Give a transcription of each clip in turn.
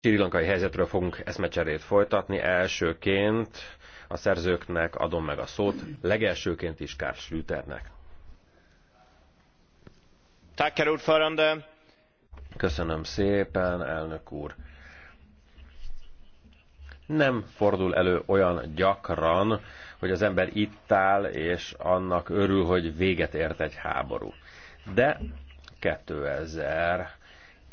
Sri Lankai helyzetről fogunk eszmecserét folytatni. Elsőként a szerzőknek adom meg a szót, legelsőként is Kárs Lüternek. Köszönöm szépen, elnök úr. Nem fordul elő olyan gyakran, hogy az ember itt áll, és annak örül, hogy véget ért egy háború. De 2000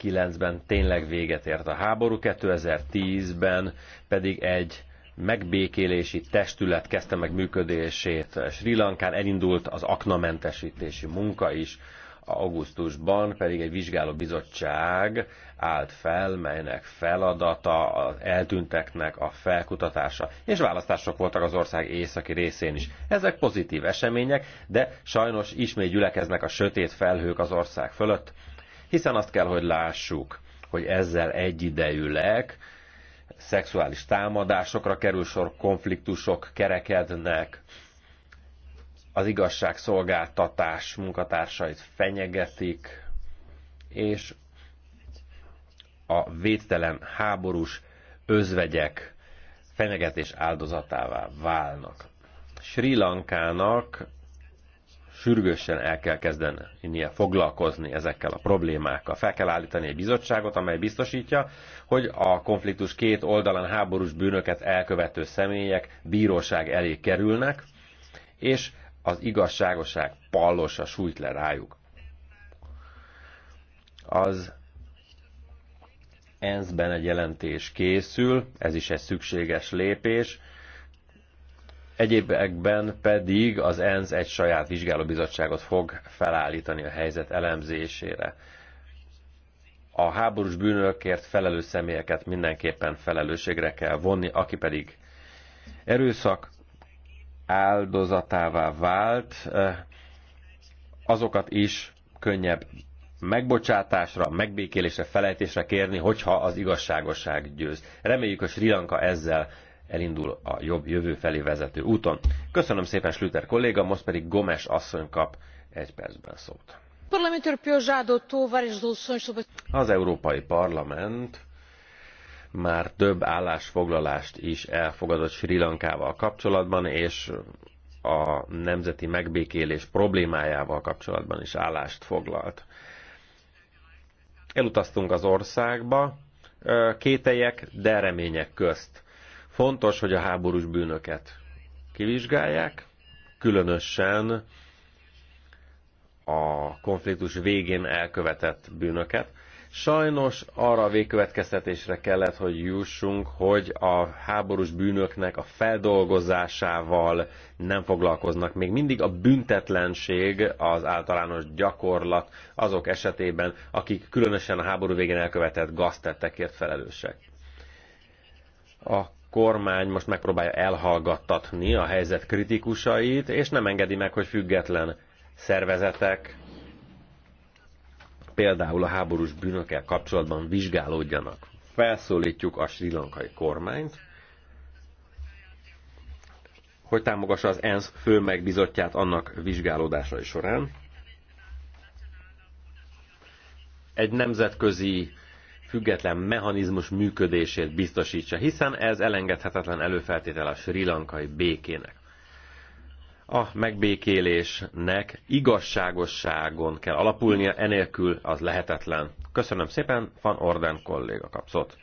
2009-ben tényleg véget ért a háború, 2010-ben pedig egy megbékélési testület kezdte meg működését Sri Lankán, elindult az aknamentesítési munka is, augusztusban pedig egy bizottság állt fel, melynek feladata az eltűnteknek a felkutatása, és választások voltak az ország északi részén is. Ezek pozitív események, de sajnos ismét gyülekeznek a sötét felhők az ország fölött, hiszen azt kell, hogy lássuk, hogy ezzel egyidejűleg szexuális támadásokra kerül sor, konfliktusok kerekednek, az igazságszolgáltatás munkatársait fenyegetik, és a védtelen háborús özvegyek fenyegetés áldozatává válnak. Sri Lankának sürgősen el kell kezdenie foglalkozni ezekkel a problémákkal. Fel kell állítani egy bizottságot, amely biztosítja, hogy a konfliktus két oldalán háborús bűnöket elkövető személyek bíróság elé kerülnek, és az igazságoság pallosa sújt le rájuk. Az ENSZ-ben egy jelentés készül, ez is egy szükséges lépés, Egyébekben pedig az ENSZ egy saját vizsgálóbizottságot fog felállítani a helyzet elemzésére. A háborús bűnökért felelős személyeket mindenképpen felelősségre kell vonni, aki pedig erőszak áldozatává vált, eh, azokat is könnyebb megbocsátásra, megbékélésre, felejtésre kérni, hogyha az igazságosság győz. Reméljük, hogy Sri Lanka ezzel elindul a jobb jövő felé vezető úton. Köszönöm szépen Slüter kolléga, most pedig Gomes asszony kap egy percben szót. Az Európai Parlament már több állásfoglalást is elfogadott Sri Lankával kapcsolatban, és a nemzeti megbékélés problémájával kapcsolatban is állást foglalt. Elutaztunk az országba, kételyek, de remények közt Fontos, hogy a háborús bűnöket kivizsgálják, különösen a konfliktus végén elkövetett bűnöket. Sajnos arra a végkövetkeztetésre kellett, hogy jussunk, hogy a háborús bűnöknek a feldolgozásával nem foglalkoznak. Még mindig a büntetlenség az általános gyakorlat azok esetében, akik különösen a háború végén elkövetett gaztettekért felelősek. A kormány most megpróbálja elhallgattatni a helyzet kritikusait, és nem engedi meg, hogy független szervezetek például a háborús bűnökkel kapcsolatban vizsgálódjanak. Felszólítjuk a sri lankai kormányt, hogy támogassa az ENSZ főmegbizotját annak vizsgálódásai során. Egy nemzetközi független mechanizmus működését biztosítsa, hiszen ez elengedhetetlen előfeltétel a Sri Lankai békének. A megbékélésnek igazságosságon kell alapulnia, enélkül az lehetetlen. Köszönöm szépen, Van Orden kolléga kapszott.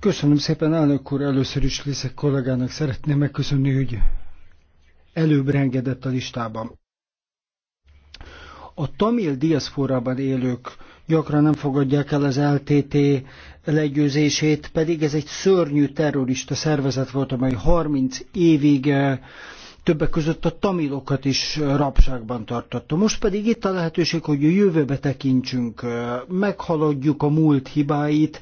Köszönöm szépen, elnök úr, először is Liszek kollégának szeretném megköszönni, hogy előbb rengedett a listában. A tamil diaszforában élők gyakran nem fogadják el az LTT legyőzését, pedig ez egy szörnyű terrorista szervezet volt, amely 30 évig eh, többek között a tamilokat is rabságban tartotta. Most pedig itt a lehetőség, hogy a jövőbe tekintsünk, eh, meghaladjuk a múlt hibáit,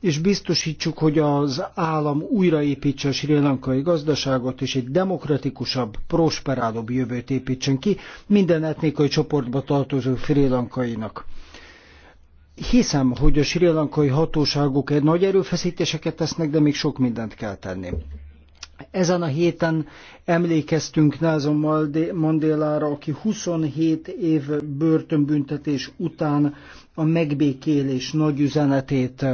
és biztosítsuk, hogy az állam újraépítse a Sri Lankai gazdaságot, és egy demokratikusabb, prosperálóbb jövőt építsen ki minden etnikai csoportba tartozó Sri Lankainak. Hiszem, hogy a sri lankai hatóságok egy nagy erőfeszítéseket tesznek, de még sok mindent kell tenni. Ezen a héten emlékeztünk Nelson Mandélára, aki 27 év börtönbüntetés után a megbékélés nagy üzenetét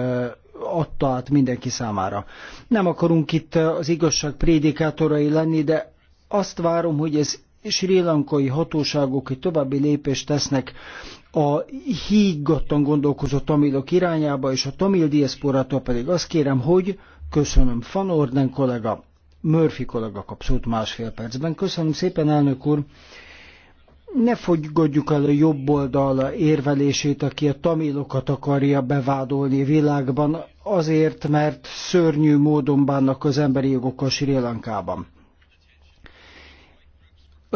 adta át mindenki számára. Nem akarunk itt az igazság prédikátorai lenni, de azt várom, hogy ez sri lankai hatóságok egy további lépést tesznek a hígattan gondolkozó tamilok irányába, és a tamil diaszporától pedig azt kérem, hogy köszönöm Van Orden kollega, Murphy kollega kap szót másfél percben. Köszönöm szépen, elnök úr! Ne fogygodjuk el a jobb oldal érvelését, aki a tamilokat akarja bevádolni világban, azért, mert szörnyű módon bánnak az emberi jogokkal Sri Lankában.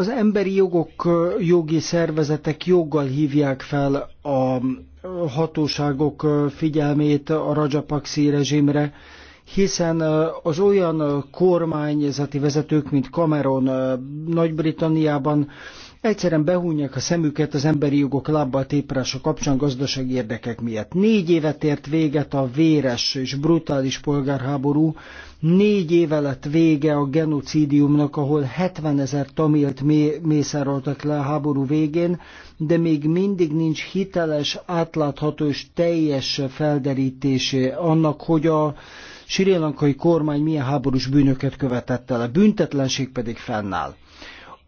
Az emberi jogok jogi szervezetek joggal hívják fel a hatóságok figyelmét a Rajapaksi rezsimre, hiszen az olyan kormányzati vezetők, mint Cameron Nagy-Britanniában egyszerűen behúnyják a szemüket az emberi jogok lábbal téprása kapcsán gazdasági érdekek miatt. Négy évet ért véget a véres és brutális polgárháború, négy éve lett vége a genocidiumnak, ahol 70 ezer tamilt mészároltak le a háború végén, de még mindig nincs hiteles, átlátható és teljes felderítése annak, hogy a Sri Lankai kormány milyen háborús bűnöket követett el, a büntetlenség pedig fennáll.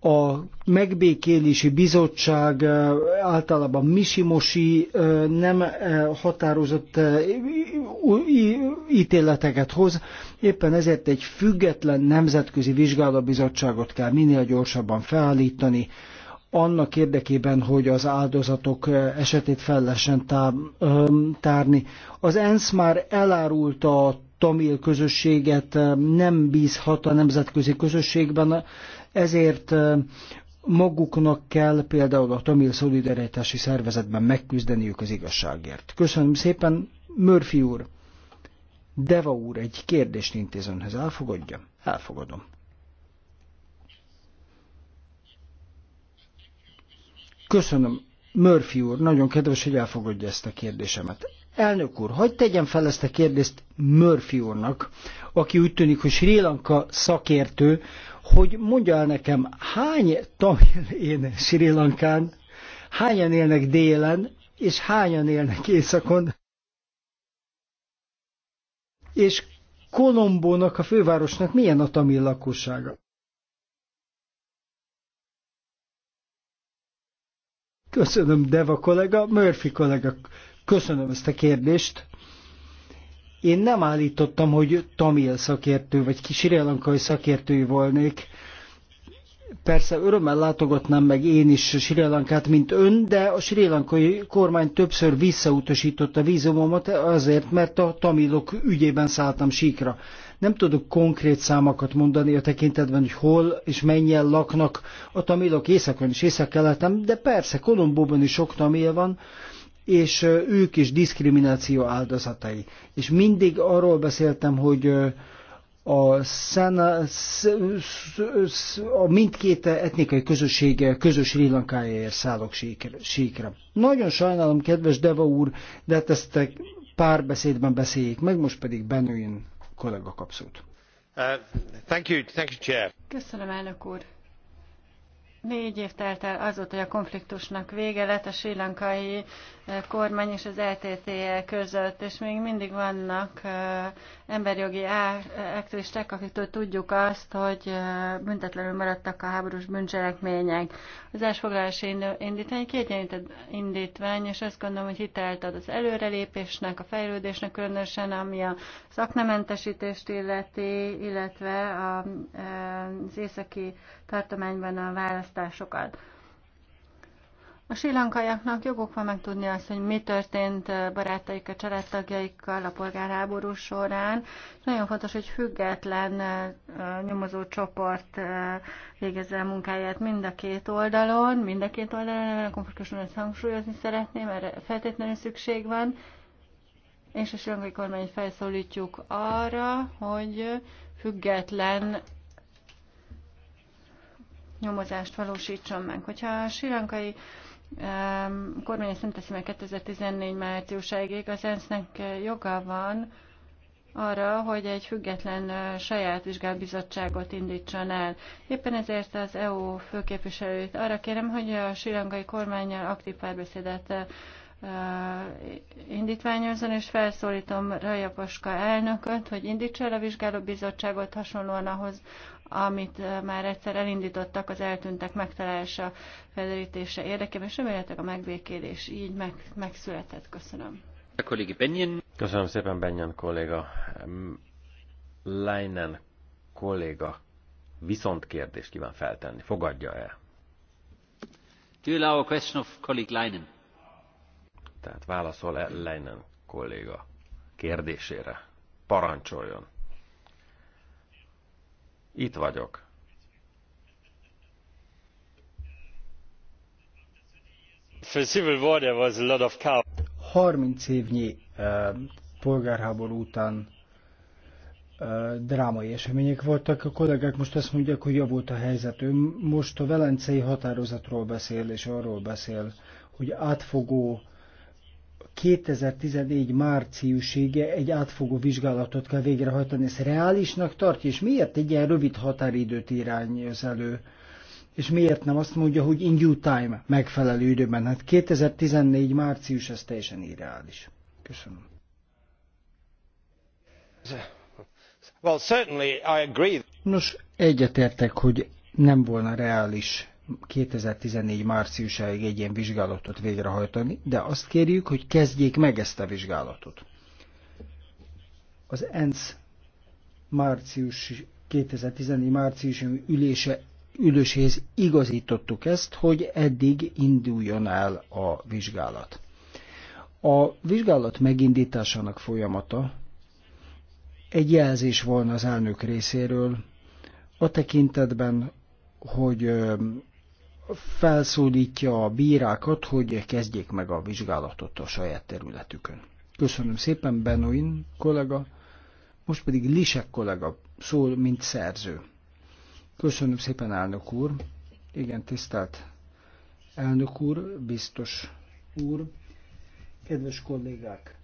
A megbékélési bizottság általában misimosi nem határozott ítéleteket hoz, éppen ezért egy független nemzetközi vizsgálóbizottságot kell minél gyorsabban felállítani, annak érdekében, hogy az áldozatok esetét fel lehessen tárni. Az ENSZ már elárulta a tamil közösséget eh, nem bízhat a nemzetközi közösségben, ezért eh, maguknak kell például a Tamil Szolidaritási Szervezetben megküzdeniük az igazságért. Köszönöm szépen, Murphy úr! Deva úr egy kérdést intéz önhöz, elfogadja? Elfogadom. Köszönöm, Murphy úr, nagyon kedves, hogy elfogadja ezt a kérdésemet. Elnök úr, hogy tegyem fel ezt a kérdést Murphy úrnak, aki úgy tűnik, hogy Sri Lanka szakértő, hogy mondja el nekem, hány tamil én Sri Lankán, hányan élnek délen, és hányan élnek északon. És Kolombónak, a fővárosnak milyen a tamil lakossága? Köszönöm, Deva kollega, Murphy kollega Köszönöm ezt a kérdést. Én nem állítottam, hogy tamil szakértő vagy sirilankai szakértői volnék. Persze örömmel látogatnám meg én is a Lankát, mint ön, de a sirélankai kormány többször visszautasította a vízumomat azért, mert a tamilok ügyében szálltam síkra. Nem tudok konkrét számokat mondani a tekintetben, hogy hol és mennyien laknak a tamilok északon és északkeleten, de persze Kolombóban is sok tamil van, és ők is diszkrimináció áldozatai. És mindig arról beszéltem, hogy a, szana, sz, sz, sz, a mindkét etnikai közösség közös Sri Lankájáért szállok síkra. Nagyon sajnálom, kedves Deva úr, de hát ezt beszédben beszéljék meg, most pedig Benőin kollega kapszót. Uh, thank you, thank you, Chair. Köszönöm, elnök úr. Négy év telt el azóta, hogy a konfliktusnak vége lett a sri lankai eh, kormány és az LTTE e között, és még mindig vannak eh, emberjogi aktivisták, akiktől tudjuk azt, hogy büntetlenül maradtak a háborús bűncselekmények. Az elsfoglalási indítvány kiegyenlített indítvány, és azt gondolom, hogy hitelt ad az előrelépésnek, a fejlődésnek, különösen ami a szaknementesítést illeti, illetve az északi tartományban a választásokat. A sílankaiaknak joguk van megtudni azt, hogy mi történt eh, barátaik, a családtagjaikkal a polgárháború során. Nagyon fontos, hogy független eh, nyomozó csoport eh, végezze a munkáját mind a két oldalon, mind a két oldalon, a konfliktuson ezt hangsúlyozni szeretném, erre feltétlenül szükség van. És a sílankai kormányt felszólítjuk arra, hogy független nyomozást valósítson meg. Hogyha a sílankai a kormány ezt nem teszi meg 2014 márciusáig. Az ENSZ-nek joga van arra, hogy egy független saját vizsgálbizottságot indítson el. Éppen ezért az EU főképviselőt arra kérem, hogy a silangai kormány aktív párbeszédet indítványozzon, és felszólítom Raja Paska elnököt, hogy indítsa el a vizsgálóbizottságot hasonlóan ahhoz, amit már egyszer elindítottak az eltűntek megtalálása, felderítése érdekében, és reméletek a megbékélés így meg, megszületett. Köszönöm. Köszönöm szépen, Benyen kolléga. Leinen kolléga viszont kérdést kíván feltenni. Fogadja el. Do you allow a question of colleague Leinen? Tehát válaszol -e Leinen kolléga kérdésére. Parancsoljon. Itt vagyok. For civil war there was a lot of chaos. 30 évnyi uh, polgárháború után eh, drámai események voltak. A kollégák most azt mondják, hogy javult a helyzet. Ő most a velencei határozatról beszél, és arról beszél, hogy átfogó 2014 márciusig egy átfogó vizsgálatot kell végrehajtani. Ezt reálisnak tartja, és miért egy ilyen rövid határidőt irányoz elő? És miért nem azt mondja, hogy in due time, megfelelő időben? Hát 2014 március, ez teljesen irreális. Köszönöm. Well, certainly I agree. Nos, egyetértek, hogy nem volna reális 2014 márciusáig egy ilyen vizsgálatot végrehajtani, de azt kérjük, hogy kezdjék meg ezt a vizsgálatot. Az ENSZ március 2014 március ülése üléséhez igazítottuk ezt, hogy eddig induljon el a vizsgálat. A vizsgálat megindításának folyamata egy jelzés volna az elnök részéről, a tekintetben, hogy felszólítja a bírákat, hogy kezdjék meg a vizsgálatot a saját területükön. Köszönöm szépen, Benoin kollega, most pedig Lisek kollega szól, mint szerző. Köszönöm szépen, elnök úr. Igen, tisztelt elnök úr, biztos úr, kedves kollégák.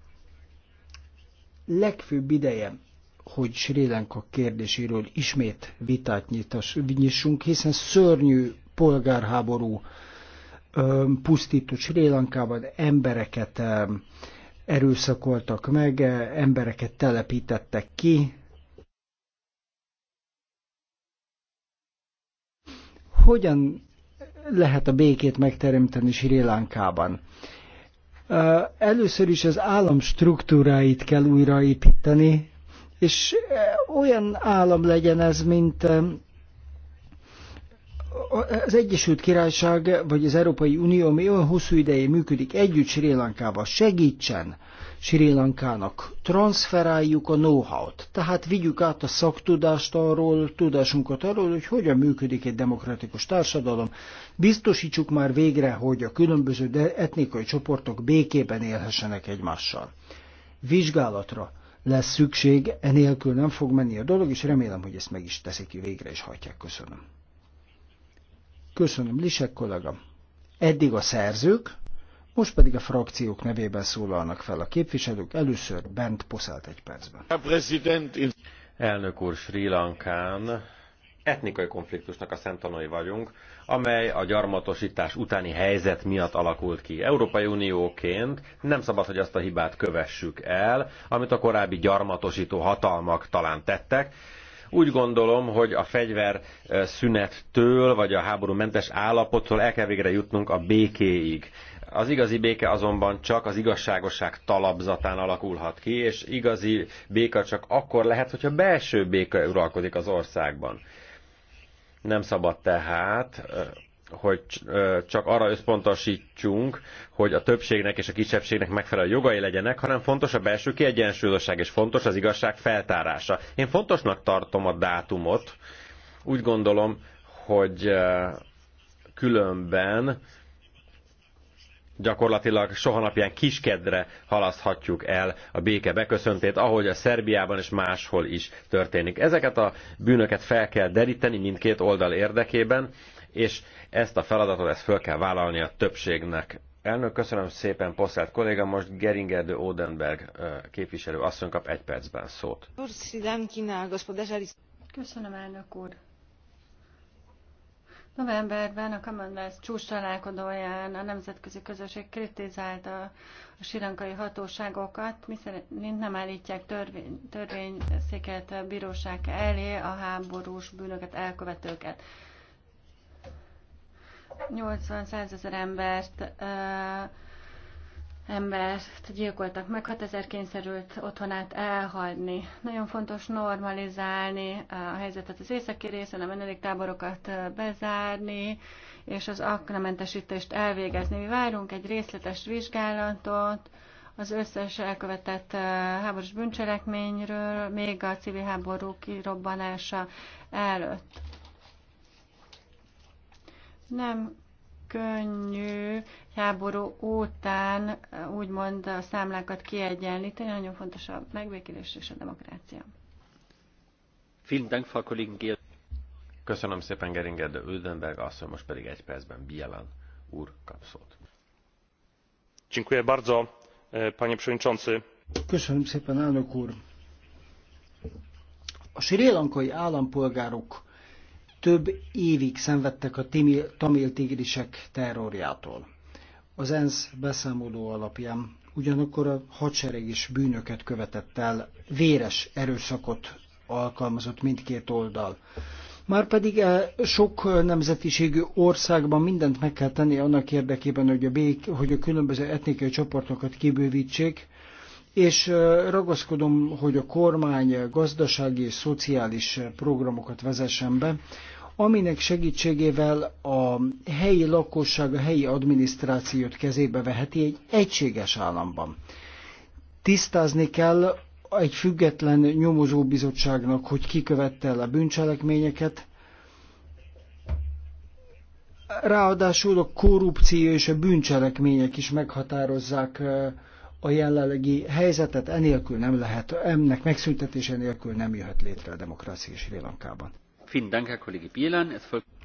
Legfőbb ideje, hogy Sri Lanka kérdéséről ismét vitát nyitassunk, hiszen szörnyű polgárháború pusztított Sri Lankában, embereket erőszakoltak meg, embereket telepítettek ki, hogyan lehet a békét megteremteni Sri Lankában? Először is az állam struktúráit kell újraépíteni, és olyan állam legyen ez, mint az Egyesült Királyság vagy az Európai Unió, ami olyan hosszú ideje működik együtt Sri Lankával, segítsen Sri Lankának, transferáljuk a know-how-t, tehát vigyük át a szaktudást arról, tudásunkat arról, hogy hogyan működik egy demokratikus társadalom, biztosítsuk már végre, hogy a különböző etnikai csoportok békében élhessenek egymással. Vizsgálatra lesz szükség, enélkül nem fog menni a dolog, és remélem, hogy ezt meg is teszik végre és hagyják. Köszönöm. Köszönöm, Lisek kollega. Eddig a szerzők, most pedig a frakciók nevében szólalnak fel a képviselők, először Bent Poszált egy percben. Elnök úr, Sri Lankán etnikai konfliktusnak a szemtanúi vagyunk, amely a gyarmatosítás utáni helyzet miatt alakult ki. Európai Unióként nem szabad, hogy azt a hibát kövessük el, amit a korábbi gyarmatosító hatalmak talán tettek, úgy gondolom, hogy a fegyver szünettől, vagy a háborúmentes állapottól el kell végre jutnunk a békéig. Az igazi béke azonban csak az igazságosság talapzatán alakulhat ki, és igazi béka csak akkor lehet, hogyha belső béke uralkodik az országban. Nem szabad tehát hogy csak arra összpontosítsunk, hogy a többségnek és a kisebbségnek megfelelő jogai legyenek, hanem fontos a belső kiegyensúlyozottság és fontos az igazság feltárása. Én fontosnak tartom a dátumot. Úgy gondolom, hogy különben gyakorlatilag soha napján kiskedre halaszthatjuk el a béke beköszöntét, ahogy a Szerbiában és máshol is történik. Ezeket a bűnöket fel kell deríteni mindkét oldal érdekében, és ezt a feladatot, ezt föl kell vállalni a többségnek. Elnök, köszönöm szépen, Poszelt kolléga, most Geringerdő Odenberg képviselő asszony kap egy percben szót. Köszönöm, elnök úr. Novemberben a Commonwealth csúcs találkozóján a nemzetközi közösség kritizálta a sirankai hatóságokat, miszerint nem állítják törvény, törvényszéket bíróság elé a háborús bűnöket elkövetőket. 80-100 ezer embert embert gyilkoltak meg, ezer kényszerült otthonát elhagyni. Nagyon fontos normalizálni a helyzetet az északi részen, a menedéktáborokat bezárni, és az aknamentesítést elvégezni. Mi várunk egy részletes vizsgálatot az összes elkövetett háborús bűncselekményről, még a civil háború kirobbanása előtt. Nem könnyű háború után úgymond a számlákat kiegyenlíteni, nagyon fontos a megbékélés és a demokrácia. Köszönöm szépen Geringer, de Ödenberg asszony, most pedig egy percben Bielan úr kap szót. Dziękuję bardzo, panie przewodniczący. Köszönöm szépen, elnök úr. A sri lankai állampolgárok több évig szenvedtek a tamil tigrisek terrorjától. Az ENSZ beszámoló alapján ugyanakkor a hadsereg is bűnöket követett el, véres erőszakot alkalmazott mindkét oldal. Márpedig eh, sok nemzetiségű országban mindent meg kell tenni annak érdekében, hogy a, bék, hogy a különböző etnikai csoportokat kibővítsék, és ragaszkodom, hogy a kormány gazdasági és szociális programokat vezessen be, aminek segítségével a helyi lakosság, a helyi adminisztrációt kezébe veheti egy egységes államban. Tisztázni kell egy független nyomozóbizottságnak, hogy kikövette el a bűncselekményeket, Ráadásul a korrupció és a bűncselekmények is meghatározzák a jelenlegi helyzetet, enélkül nem lehet, ennek megszüntetése nélkül nem jöhet létre a demokrácia Sri Lankában.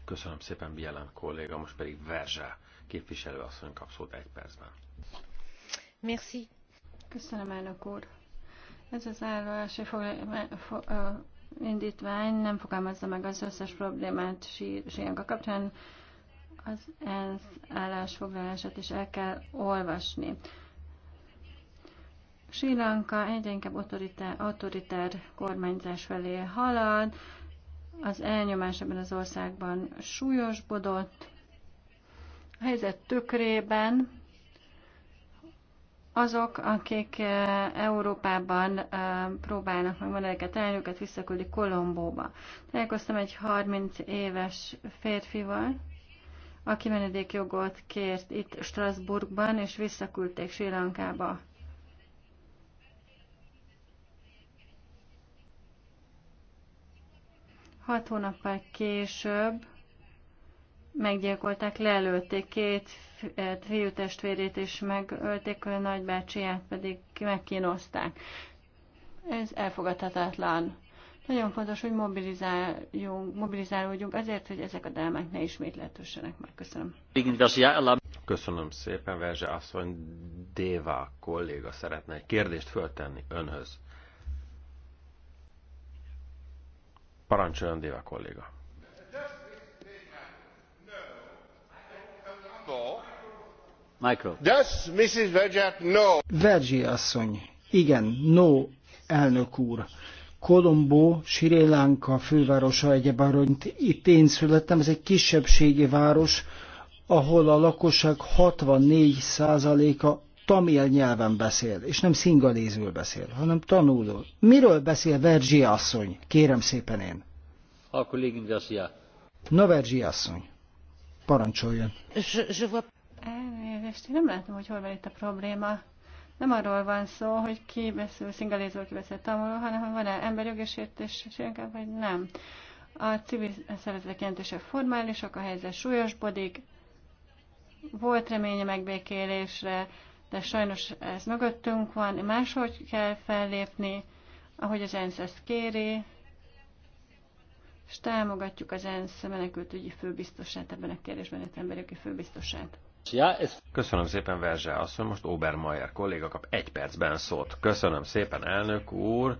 Köszönöm szépen, Bielan kolléga, most pedig Verzsá képviselő asszony kap szót egy percben. Merci. Köszönöm, elnök úr. Ez az állvási indítvány nem fogalmazza meg az összes problémát Sianka lanka kapcsán, az ENSZ állásfoglalását is el kell olvasni. Sri Lanka egyre inkább autoritár, autoritár kormányzás felé halad, az elnyomás ebben az országban súlyosbodott, a helyzet tükrében azok, akik eh, Európában eh, próbálnak meg modelleket elni, őket visszaküldi Kolombóba. Találkoztam egy 30 éves férfival, aki menedékjogot kért itt Strasbourgban, és visszaküldték Sri Lankába. Hat hónappal később meggyilkolták, lelőtték két fiú testvérét és megölték, a nagybácsiját pedig megkínozták. Ez elfogadhatatlan. Nagyon fontos, hogy mobilizáljunk, mobilizálódjunk azért, hogy ezek a drámák ne ismétlhetőssenek meg. Köszönöm. Köszönöm szépen, Verze asszony. Déva kolléga szeretne egy kérdést föltenni önhöz. Parancsoljon, Déva kolléga. Michael. Does Mrs. Vergiat no? Vergi asszony. Igen, no, elnök úr. Kolombó, Sri Lanka fővárosa egyebárönt. Itt én születtem, ez egy kisebbségi város, ahol a lakosság 64%-a tamil nyelven beszél, és nem szingalézül beszél, hanem tanulul. Miről beszél Vergyi asszony? Kérem szépen én. A kollégim Garcia. Na, Vergyi asszony, parancsoljon. Elnézést, én nem látom, hogy hol van itt a probléma. Nem arról van szó, hogy ki beszél szingalézül, ki beszél tanuló, hanem hogy van-e emberjogi sértéssége, vagy nem. A civil szervezetek jelentése formálisak, a helyzet súlyosbodik, volt reménye megbékélésre, de sajnos ez mögöttünk van, máshogy kell fellépni, ahogy az ENSZ ezt kéri, és támogatjuk az ENSZ menekültügyi főbiztosát ebben a kérdésben, az emberi főbiztosát. Ja, ez... Köszönöm szépen, Verzse asszony, most Obermeier kolléga kap egy percben szót. Köszönöm szépen, elnök úr.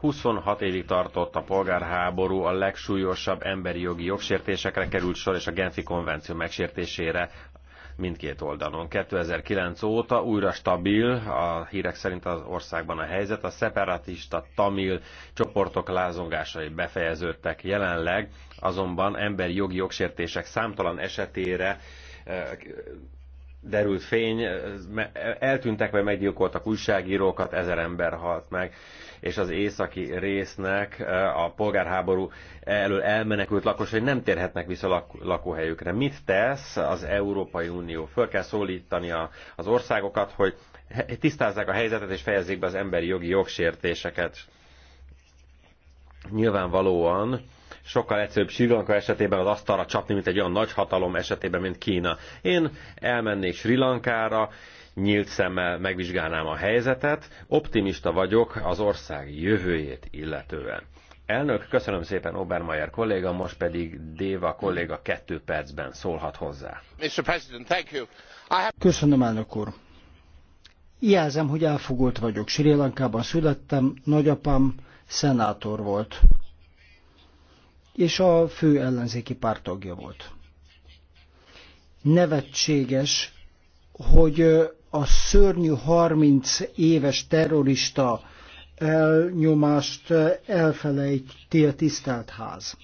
26 évig tartott a polgárháború, a legsúlyosabb emberi jogi jogsértésekre került sor, és a Genfi konvenció megsértésére mindkét oldalon. 2009 óta újra stabil, a hírek szerint az országban a helyzet, a szeparatista tamil csoportok lázongásai befejeződtek jelenleg, azonban emberi jogi jogsértések számtalan esetére eh, derült fény, eltűntek vagy meggyilkoltak újságírókat, ezer ember halt meg, és az északi résznek a polgárháború elől elmenekült lakosai nem térhetnek vissza lakóhelyükre. Mit tesz az Európai Unió? Föl kell szólítani a, az országokat, hogy tisztázzák a helyzetet és fejezzék be az emberi jogi jogsértéseket. Nyilvánvalóan sokkal egyszerűbb Sri Lanka esetében az asztalra csapni, mint egy olyan nagy hatalom esetében, mint Kína. Én elmennék Sri Lankára, nyílt szemmel megvizsgálnám a helyzetet, optimista vagyok az ország jövőjét illetően. Elnök, köszönöm szépen Obermeyer kolléga, most pedig Déva kolléga kettő percben szólhat hozzá. Mr. President, thank you. Köszönöm, elnök úr. Jelzem, hogy elfogult vagyok. Sri Lankában születtem, nagyapám szenátor volt és a fő ellenzéki párt tagja volt. Nevetséges, hogy a szörnyű 30 éves terrorista elnyomást elfelejti a tisztelt ház.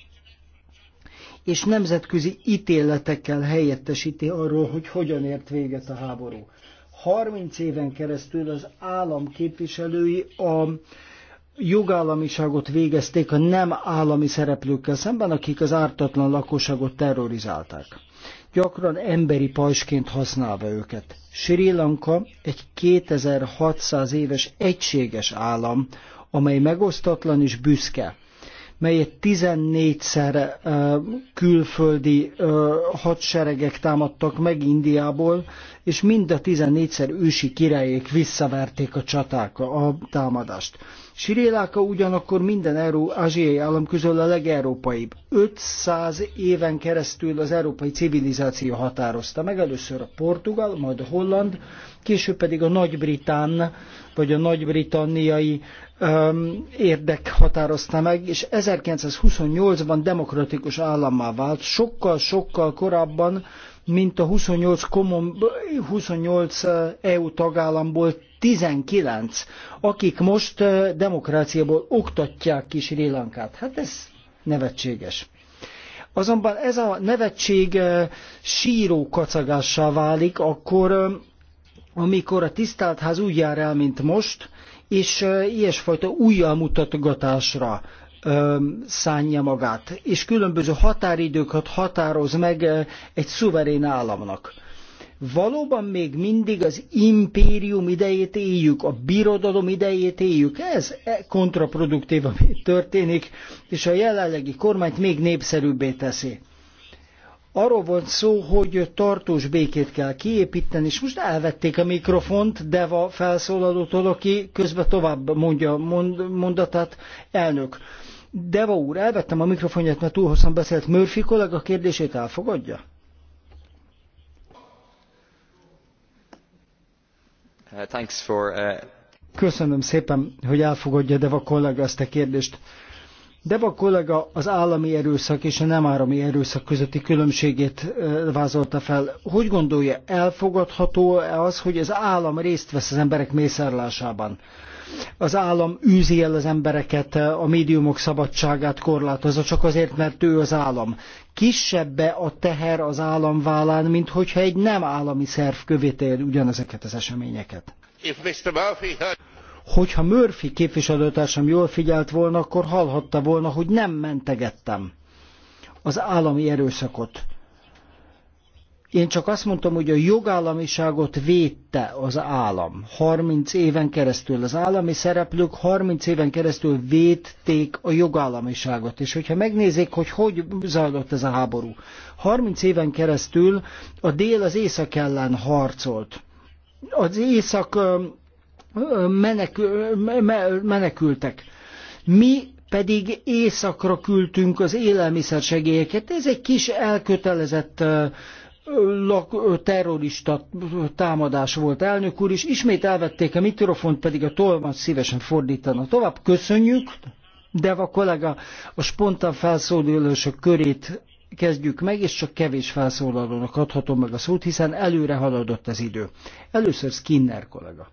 És nemzetközi ítéletekkel helyettesíti arról, hogy hogyan ért véget a háború. 30 éven keresztül az állam képviselői a jogállamiságot végezték a nem állami szereplőkkel szemben, akik az ártatlan lakosságot terrorizálták. Gyakran emberi pajsként használva őket. Sri Lanka egy 2600 éves egységes állam, amely megosztatlan és büszke melyet 14-szer külföldi hadseregek támadtak meg Indiából, és mind a 14-szer ősi királyék visszaverték a csaták, a támadást. Sri ugyanakkor minden euró, ázsiai állam közül a legeurópaibb. 500 éven keresztül az európai civilizáció határozta meg, először a portugál, majd a holland, később pedig a nagy-britán, vagy a nagy-britanniai um, érdek határozta meg, és 1928-ban demokratikus állammá vált, sokkal-sokkal korábban, mint a 28, common, 28 EU tagállamból 19, akik most eh, demokráciából oktatják ki Sri Lankát. Hát ez nevetséges. Azonban ez a nevetség eh, síró kacagássá válik, akkor eh, amikor a tisztelt ház úgy jár el, mint most, és ilyesfajta újjalmutatgatásra szánja magát, és különböző határidőket határoz meg egy szuverén államnak. Valóban még mindig az impérium idejét éljük, a birodalom idejét éljük, ez e kontraproduktív, ami történik, és a jelenlegi kormányt még népszerűbbé teszi. Arról van szó, hogy tartós békét kell kiépíteni, és most elvették a mikrofont de a felszólalótól, aki közben tovább mondja a mondatát, elnök Deva úr, elvettem a mikrofonját, mert túl hosszan beszélt. Murphy kollega kérdését elfogadja? Uh, thanks for, uh... Köszönöm szépen, hogy elfogadja Deva kollega ezt a kérdést. Deva kollega az állami erőszak és a nem állami erőszak közötti különbségét vázolta fel. Hogy gondolja, elfogadható-e az, hogy az állam részt vesz az emberek mészárlásában? Az állam űzi el az embereket, a médiumok szabadságát korlátozza, csak azért, mert ő az állam. Kisebbe a teher az állam vállán, mint hogyha egy nem állami szerv követél ugyanezeket az eseményeket. Hogyha Murphy képviselőtársam jól figyelt volna, akkor hallhatta volna, hogy nem mentegettem az állami erőszakot. Én csak azt mondtam, hogy a jogállamiságot védte az állam. 30 éven keresztül az állami szereplők 30 éven keresztül védték a jogállamiságot. És hogyha megnézik, hogy hogy zajlott ez a háború. 30 éven keresztül a dél az észak ellen harcolt. Az észak menekül, menekültek. Mi pedig éjszakra küldtünk az élelmiszersegélyeket. Ez egy kis elkötelezett terrorista támadás volt elnök úr, és ismét elvették a mikrofont, pedig a tolmat szívesen fordítana. Tovább köszönjük, de a kollega a spontán felszólalások körét kezdjük meg, és csak kevés felszólalónak adhatom meg a szót, hiszen előre haladott az idő. Először Skinner kollega.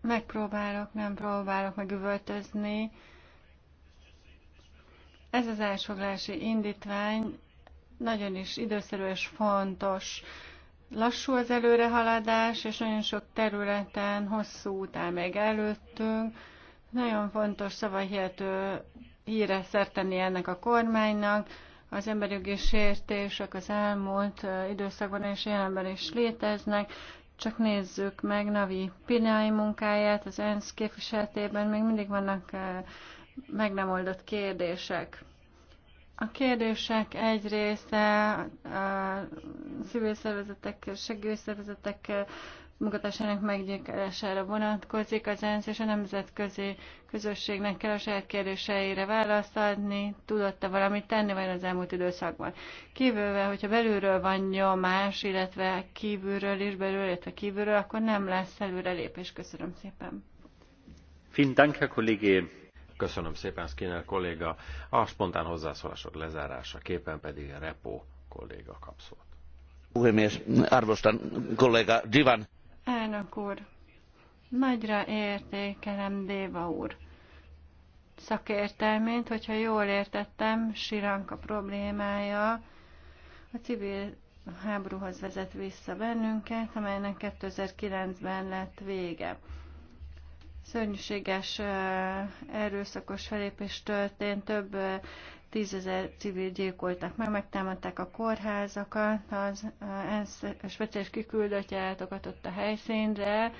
Megpróbálok, nem próbálok megüvöltözni. Ez az elsoglási indítvány nagyon is időszerű és fontos. Lassú az előrehaladás, és nagyon sok területen hosszú út áll még előttünk. Nagyon fontos szavahihető híre szerteni ennek a kormánynak, az emberjogi sértések az elmúlt időszakban és jelenben is léteznek. Csak nézzük meg Navi Pinai munkáját, az ENSZ képviseletében még mindig vannak meg nem oldott kérdések. A kérdések egy része a civil szervezetek, segélyszervezetek munkatársának meggyilkolására vonatkozik. Az ENSZ és a nemzetközi közösségnek kell a saját kérdéseire választ adni, tudott-e valamit tenni vagy az elmúlt időszakban. Kívülve, hogyha belülről van nyomás, illetve kívülről is, belül, illetve kívülről, akkor nem lesz előrelépés. Köszönöm szépen. Vielen Dank, Herr Kollege. Köszönöm szépen, Skinner kolléga. A spontán hozzászólások lezárása képen pedig a Repo kolléga kap Puhemies, arvostan kollega Divan Elnök úr, nagyra értékelem Déva úr szakértelmét, hogyha jól értettem, Siranka problémája a civil háborúhoz vezet vissza bennünket, amelynek 2009-ben lett vége. Szörnyűséges erőszakos felépés történt több tízezer civil gyilkoltak meg, megtámadták a kórházakat, az ENSZ speciális kiküldöttje eltogatott a helyszínre,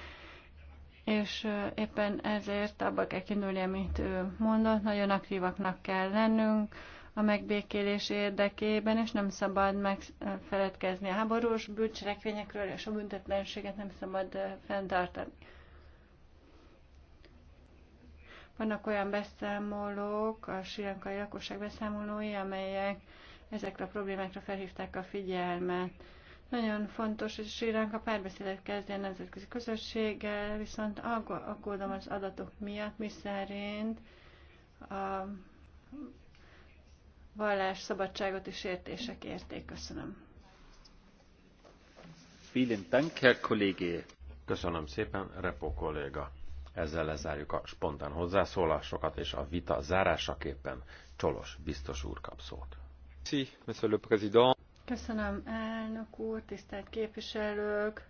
és éppen ezért abba kell kiindulni, amit ő mondott, nagyon aktívaknak kell lennünk a megbékélés érdekében, és nem szabad megfeledkezni a háborús bűncselekvényekről, és a büntetlenséget nem szabad fenntartani. Vannak olyan beszámolók, a sirankai lakosság beszámolói, amelyek ezekre a problémákra felhívták a figyelmet. Nagyon fontos, hogy Sri a párbeszédet kezdjen a nemzetközi közösséggel, viszont aggódom az adatok miatt, miszerint a vallás szabadságot is értések érték. Köszönöm. Vielen Dank, Herr Kollege. Köszönöm szépen, Repo kolléga. Ezzel lezárjuk a spontán hozzászólásokat, és a vita zárásaképpen Csolos biztos úr kap szót. Köszönöm, elnök úr, tisztelt képviselők!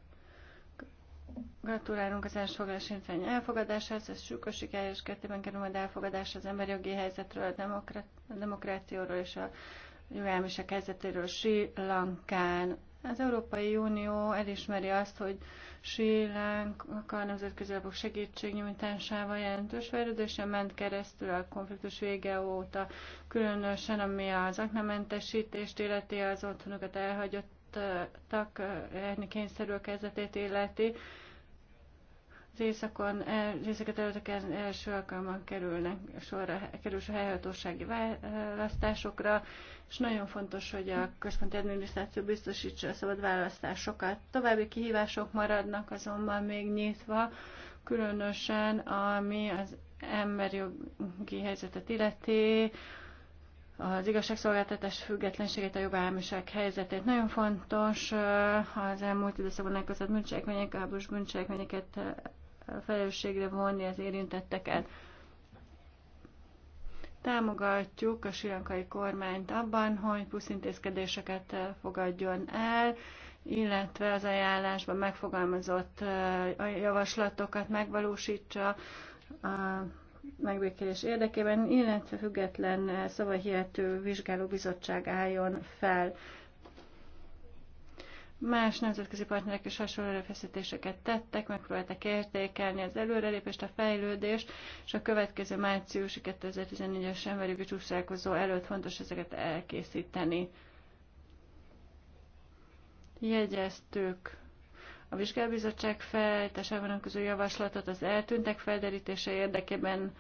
Gratulálunk az elsfoglalás intvány elfogadásához, ez siker, és kettőben kerül majd elfogadás az emberi jogi helyzetről, a, demokra- a demokrációról és a jogállamiság helyzetéről Sri Lankán. Az Európai Unió elismeri azt, hogy Sri Lanka nemzetközi alapok segítségnyújtásával jelentős fejlődésen ment keresztül a konfliktus vége óta, különösen ami az aknamentesítést illeti, az otthonokat elhagyottak, eh, elni kényszerül kezdetét illeti, az éjszakon, e, az éjszaka területeken első alkalommal kerülnek sorra, kerül a helyhatósági választásokra, és nagyon fontos, hogy a központi adminisztráció biztosítsa a szabad választásokat. További kihívások maradnak azonban még nyitva, különösen ami az emberi helyzetet illeti, az igazságszolgáltatás függetlenségét, a jogállamiság helyzetét. Nagyon fontos az elmúlt időszakban elkezdett bűncselekmények, háborús bűncselekményeket felelősségre vonni az érintetteket. Támogatjuk a sirankai kormányt abban, hogy intézkedéseket eh, fogadjon el, illetve az ajánlásban megfogalmazott eh, javaslatokat megvalósítsa a megbékélés érdekében, illetve független eh, szavahihető vizsgálóbizottság álljon fel. Más nemzetközi partnerek is hasonló erőfeszítéseket tettek, megpróbáltak értékelni az előrelépést, a fejlődést, és a következő márciusi 2014-es emberjogi csúszálkozó előtt fontos ezeket elkészíteni. Jegyeztük a vizsgálbizottság felállításában vonatkozó javaslatot az eltűntek felderítése érdekében,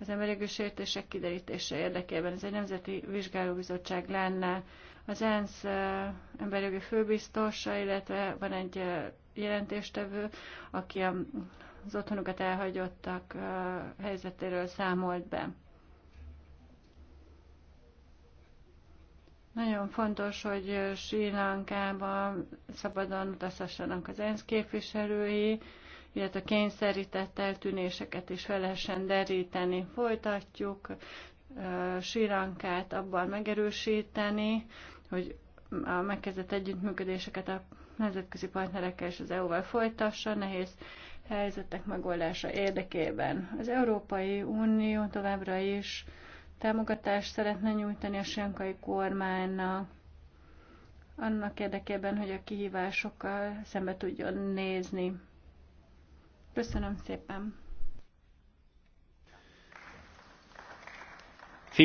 az emberi sértések kiderítése érdekében. Ez egy nemzeti vizsgálóbizottság lenne. Az ENSZ emberjogi főbiztosa, illetve van egy jelentéstevő, aki az otthonukat elhagyottak helyzetéről számolt be. Nagyon fontos, hogy Sri Lankában szabadon utazhassanak az ENSZ képviselői, illetve kényszerített eltűnéseket is fel lehessen deríteni. Folytatjuk Sírankát abban megerősíteni, hogy a megkezdett együttműködéseket a nemzetközi partnerekkel és az EU-val folytassa nehéz helyzetek megoldása érdekében. Az Európai Unió továbbra is támogatást szeretne nyújtani a sánkai kormánynak, annak érdekében, hogy a kihívásokkal szembe tudjon nézni. Köszönöm szépen!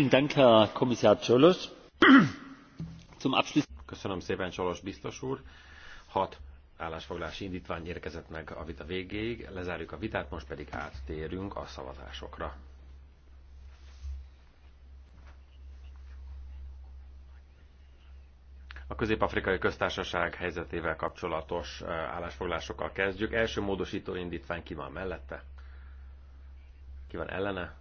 Köszönöm szépen, Csolos biztos úr. Hat állásfoglalási indtvány érkezett meg a vita végéig, lezárjuk a vitát, most pedig áttérünk a szavazásokra. A Közép-Afrikai Köztársaság helyzetével kapcsolatos állásfoglalásokkal kezdjük. Első módosító indítvány ki van mellette? Ki van ellene?